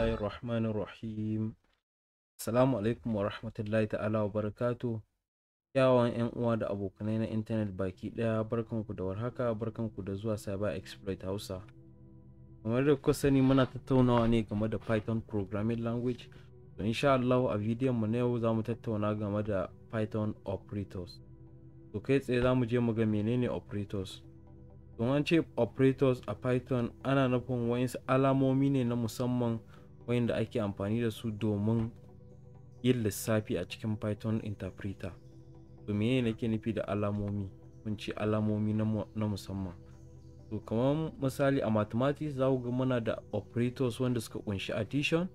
bismillahi rahmanir rahim assalamu alaikum wa rahmatullahi ta'ala wa barakatu yawan yan uwa da abokanai na intanet baki daya barkanku da warhaka barkanku da zuwa cyber exploit hausa kamar da kuka sani muna tattaunawa ne game da python programming language to insha Allah a bidiyon mu na yau za mu tattauna game da python operators to kai tsaye za mu je mu ga menene operators don an ce operators a python ana nufin wa'insu alamomi ne na musamman da ake amfani da su domin yin lissafi a cikin Python interpreter. To yi nake nufi da alamomi? Mun ce alamomi na musamman. To kamar misali a mathematics za ku ga muna da operators wanda suka kunshi addition,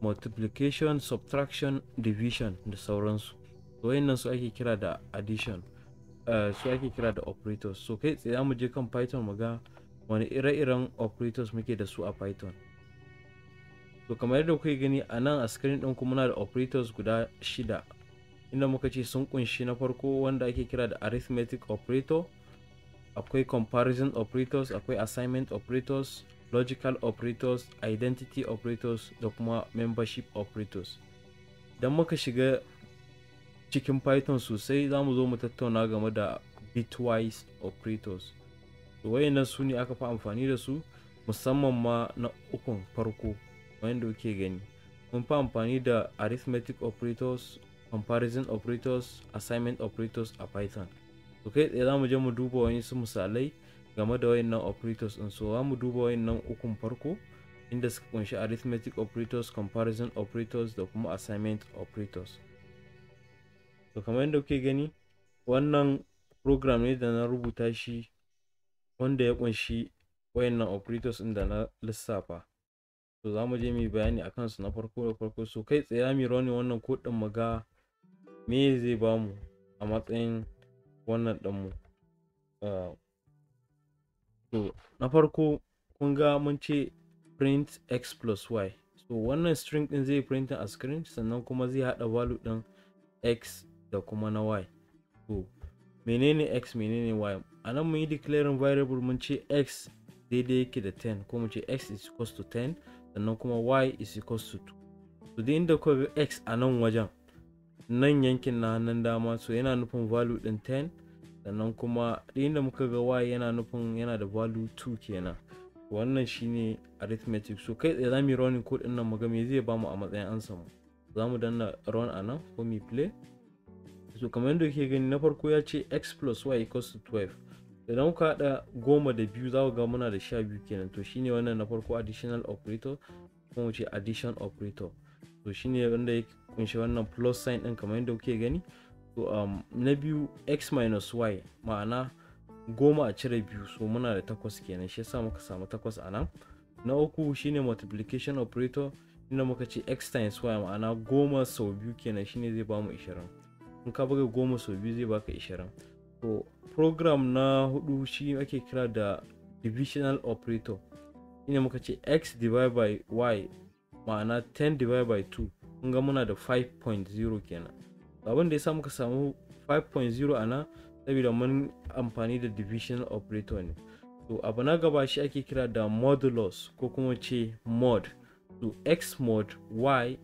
multiplication, subtraction, division da sauransu. To wayannan su ake kira da addition. Eh, su ake kira da operators. So kai tsaye mu je kan Python mu ga wani ire-iren operators muke da su a Python. to kamar yadda kuke gani a nan a screen kuma muna da operators guda shida inda muka ce sun kunshi na farko wanda ake kira da arithmetic operator akwai comparison operators akwai assignment operators logical operators identity operators da kuma membership operators idan muka shiga cikin python sosai za mu zo mu tattauna game da bitwise operators wayannan su ne aka fi amfani da su musamman ma na ukun farko kamar da kuke gani mun fi amfani da arithmetic operators comparison operators assignment operators a python to kai tsaye za mu je mu duba wasu misalai game da wayannan operators din so za mu duba wayannan ukun farko inda suka kunshi arithmetic operators comparison operators da kuma assignment operators to kamar yadda kuke gani wannan program ne da na rubuta shi wanda ya kunshi wayannan operators din da na lissafa to za mu je mu yi bayani a kansu na farko da farko so kai tsaye mu rauni wannan ko ɗin ga me zai ba mu a matsayin wannan mu ah, to na farko kun ga mun ce print x plus y so wannan string ɗin zai print a screen sannan kuma zai haɗa value ɗin x da kuma na y to menene x menene y a nan mun yi declaring variable mun ce x daidai yake da 10 ko mu ce x is equals to 10 sannan kuma y is equal to 2 so the inda kuka ga x a nan wajen nan yankin na hannun dama so yana nufin value din 10 sannan kuma duk inda muka ga y yana nufin yana da value 2 kenan wannan shine arithmetic so kai tsaye za mu yi running code din nan mu ga me zai mu a matsayin ansa mu za mu danna run a nan ko mu play so kamar yadda kuke gani na farko ya ce x plus y equals to 12 idan ka haɗa goma da biyu za ga muna da sha biyu kenan to shine wannan na farko additional operator kuma ce addition operator to shine wanda ya kunshi wannan plus sign ɗin kamar yadda kuke gani to um, na biyu x minus y ma'ana goma a cire biyu so muna da takwas kenan shi yasa muka samu takwas a nan na uku shine multiplication operator inda muka ce x times y ma'ana goma sau biyu kenan shine zai bamu ishirin in ka buga goma sau biyu zai baka ishirin to program na hudu shi ake kira da divisional operator ina muka ce x divided by y ma'ana 10 divided by 2 kun ga muna da 5.0 kenan abin da ya sa muka samu 5.0 a nan saboda mun amfani da divisional operator ne to abu na gaba shi ake kira da modulus ko kuma ce mod to x mod y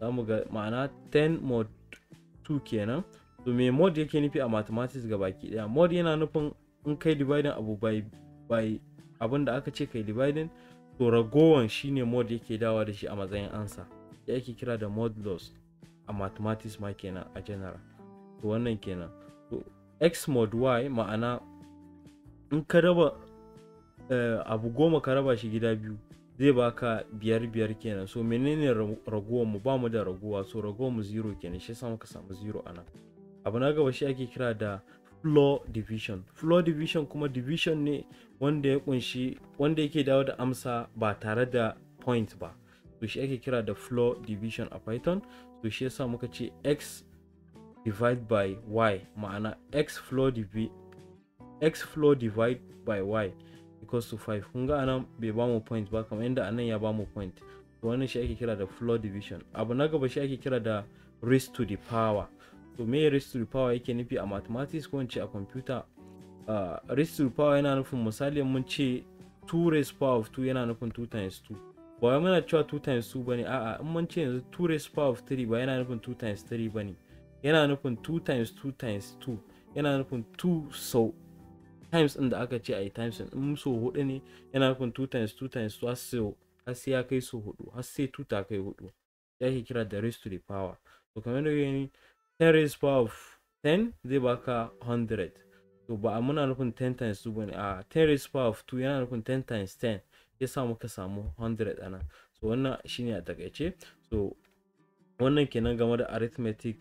za mu ga ma'ana 10 mod 2 kenan to me mod yake nufi a mathematics ga baki daya mod yana nufin in kai dividing abu by by abin da aka ce kai dividing to ragowan shine mod yake dawa da shi a matsayin ansa ya yake kira da mod loss a mathematics ma kenan a general to wannan kenan to x mod y ma'ana in ka raba eh, abu goma ka raba shi gida biyu zai baka biyar biyar kenan so menene raguwa mu ba mu da raguwa so raguwa mu zero kenan shi yasa muka samu zero nan. abu na gaba shi ake kira da floor division floor division kuma division ne wanda ya kunshi wanda yake dawo da amsa ba tare da point ba to shi ake kira da floor division a python to shi yasa muka ce x divide by y ma'ana x floor divi x floor divide by y equals to 5 kun ga anan bai ba mu point ba kamar inda anan ya ba mu point to wannan shi ake kira da floor division abu na gaba shi ake kira da raise to the power to me real power yake nufi a mathematics ko ce a computer uh, ah, real power yana nufin misali mun ce 2 raised power of 2 yana nufin 2 times 2 ba wai muna cewa 2 times 2 bane a'a in mun ce yanzu 2 raised power of 3 ba yana nufin 2 times 3 bane yana nufin 2 times 2 times 2 yana nufin 2 sau times din da aka ce a yi times din in so hudu ne yana nufin 2 times 2 times 2 har sai har sai ya kai so hudu har sai 2 ta kai hudu ya ke kira da raised to the power to kamar da gani 10 raised power of 10 zai baka 100 to ba a muna nufin 10 times 2 bane a 10 raised power of 2 yana nufin 10 times 10 ya samu ka samu 100 ana so wannan shine a takaice so wannan kenan game da arithmetic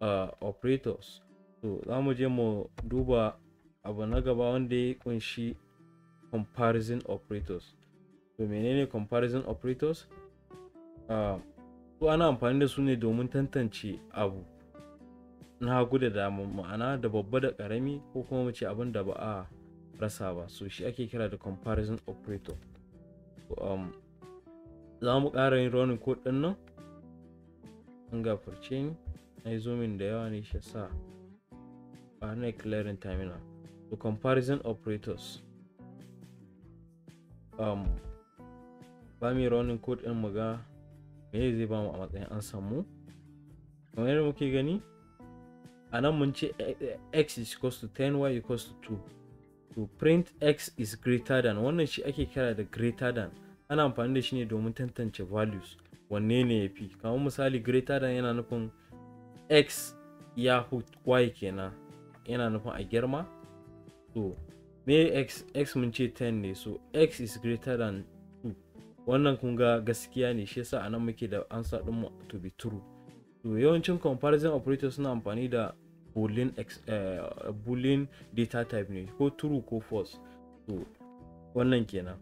uh, operators so za mu je mu duba abu na gaba wanda ya kunshi comparison operators to menene comparison operators uh, su ana amfani da su ne domin tantance abu na hagu da ma'ana da babba da karami ko kuma mace abin da ba a rasa ba so shi ake kira da comparison operator um, za mu ƙara yin ronin ko ɗin nan an gafarce ni na yi zomin da yawa ne shi sa ba na clearing terminal to comparison operators um, ba mi ronin ko ɗin mu ga me zai ba mu a matsayin an samu kamar yadda muke gani a nan mun ce eh, eh, x is equals to 10 y equals to 2 to print x is greater than wannan shi ake kira da greater than ana amfani da shi ne domin tantance values wanne ne ya fi kamar misali greater than yana nufin x ya y kenan yana nufin a girma so me x x mun ce 10 ne so x is greater than 2 wannan kun ga gaskiya ne shi yasa anan muke da ansa din mu to be true to yawancin comparison operators suna amfani da boolean uh, boolean data type ne ko true ko false to wannan kenan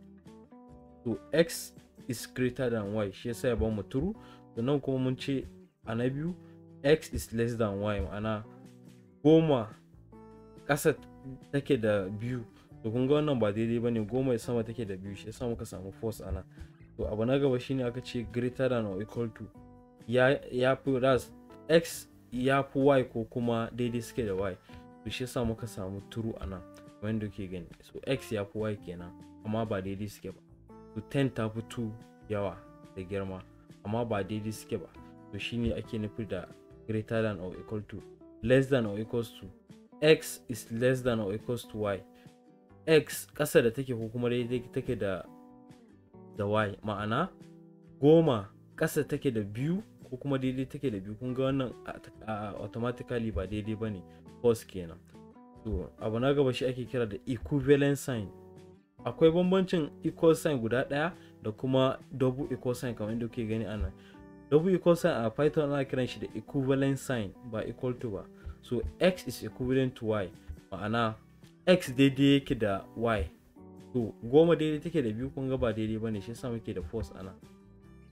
to x is greater than y shi yasa ya ba mu true to nan kuma mun ce a na biyu x is less than y ma'ana goma ƙasa take da biyu to kun ga wannan ba daidai ba ne goma sama take da biyu shi yasa muka samu false ana to abu na gaba shine aka ce greater than or equal to ya ya fi x ya fi y ko kuma daidai suke da y to shi yasa muka samu true a nan wanda kuke gani so x ya fi y kenan amma ba daidai suke ba to 10 ta fi 2 yawa da girma amma ba daidai suke ba to shine ake nufi da greater than or equal to less than or equals to x is less than or equals to y x ƙasa da take ko kuma daidai take da da y ma'ana goma ƙasa take da biyu ko kuma daidai take da biyu kun ga wannan automatically ba daidai ba ne false kenan to abu na gaba shi ake kira da equivalent sign akwai bambancin equal sign guda ɗaya da kuma double equal sign kamar yadda kuke gani anan double equal sign a python ana kiran shi da equivalent sign ba equal to ba so x is equivalent to y ma'ana x daidai yake da y to goma daidai take da biyu kun ga ba daidai ba ne shi yasa muke da force ana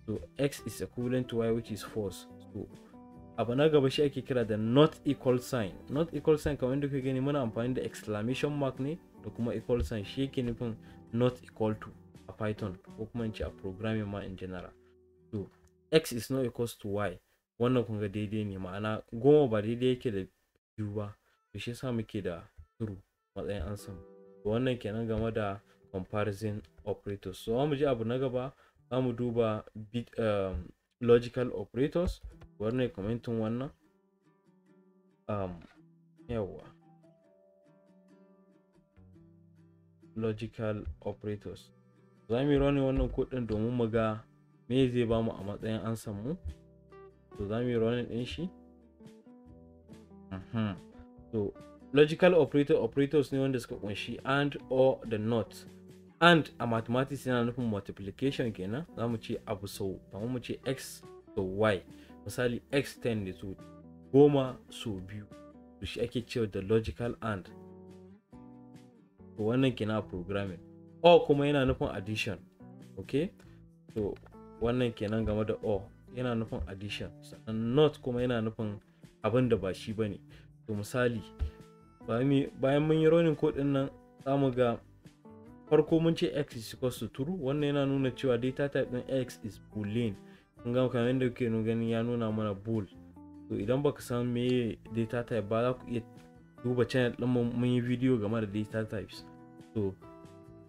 so x is equivalent to y which is false so abu na gaba shi ake kira da not equal sign not equal sign kamar da kuke gani muna amfani da exclamation mark ne da kuma equal sign shi yake nufin not equal to a python ko kuma in ce a programming ma in general so x is not equal to y wannan kun ga daidai ne ma'ana goma ba daidai yake da biyu ba to shi yasa muke da true matsayin ansa wannan kenan game da comparison operators so mu je abu na gaba za mu duba um, logical operators wannan commentin wannan um, yawwa logical operators za mu yi rani wannan kudin domin mu ga me zai ba mu a matsayin an mu to za mu yi rani din shi so mhm. logical operator operators ne wanda suka kunshi and or the not and a mathematics yana nufin multiplication kenan za mu ce abu sau kamar mu ce x sau y misali x 10 da su goma sau biyu to shi ake cewa da logical and to wannan kenan a programming o kuma yana nufin addition okay to wannan kenan game da o yana nufin addition sannan not kuma yana nufin abin da ba shi ba ne to misali bayan mun yi ronin kodin nan za mu ga farko mun ce x is equals to true wannan yana nuna cewa data type din x is boolean kun ga kamar yadda kuke gani ya nuna mana bool to idan baka san me data type ba za ku iya duba channel din mun yi video game da data types to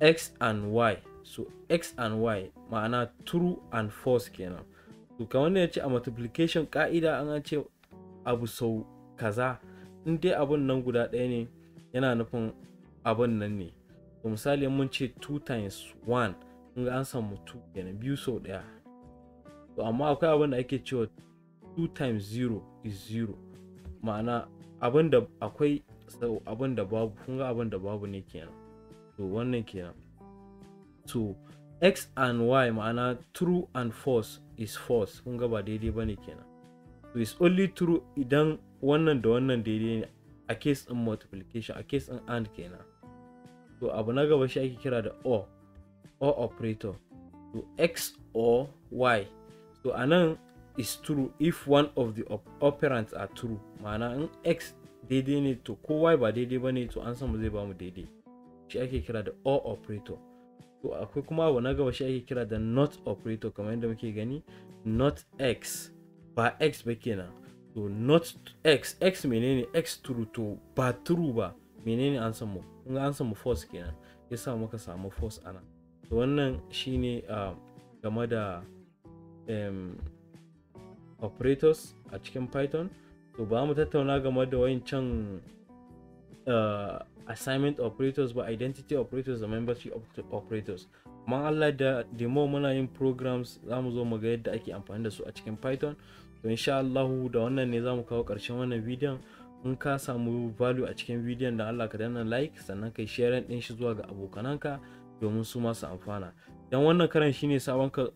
x and y so x and y ma'ana true and false kenan to kamar da ya ce a multiplication ka'ida an ce abu sau kaza in dai abun nan guda ɗaya ne yana nufin abun nan ne to misali mun ce 2 times 1 kun ga an samu 2 kenan biyu sau daya to amma akwai abin da ake cewa 2 times 0 is 0 ma'ana abin da akwai sau abin da babu kun ga abin da babu ne kenan to wannan kenan to x and y ma'ana true and false is false kun ga ba daidai bane kenan to is only true idan wannan da wannan daidai ne a case in multiplication a case in and kenan to abu na gaba shi ake kira da or or operator to x or y to a nan is true if one of the op operands are true ma'ana in x daidai ne to ko y ba daidai ba ne to an samu zai bamu daidai shi ake kira da or operator to akwai kuma abu na gaba shi ake kira da not operator kamar yadda muke gani not x ba x ba kenan to not x x menene x true to ba true ba menene an samu kun an samu force kenan ya sa muka samu force ana to wannan shine ah, game da operators a cikin python to ba mu tattauna game da wancan ah, assignment operators ba identity operators da membership operators amma Allah da demo muna yin programs za mu zo mu ga yadda ake amfani da su a cikin python to insha Allahu da wannan ne za mu kawo ƙarshen wannan bidiyon in ka samu value a cikin bidiyon da Allah ka danna like sannan kai share din shi zuwa ga abokananka domin su masu amfana dan wannan karan shine sabon ka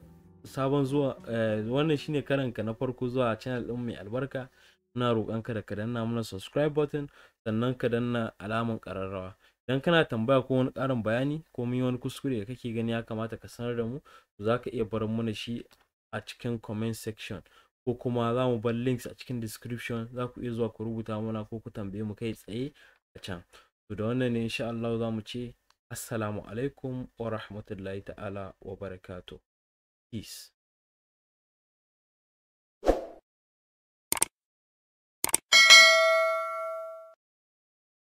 sabon zuwa eh, wannan shine karan ka na farko zuwa channel din mai albarka muna roƙon ka da ka danna mana subscribe button sannan ka danna alamar ƙararrawa dan kana tambaya ko wani ƙarin bayani ko mun wani kuskure da kake gani ya kamata ka sanar da mu za ka iya barin mana shi a cikin comment section ko kuma za mu bar links a cikin description za ku iya zuwa ku rubuta mana ko ku tambaye mu kai tsaye a can to da wannan ne insha Allah za mu ce assalamu alaikum wa rahmatullahi ta'ala wa barakatuh peace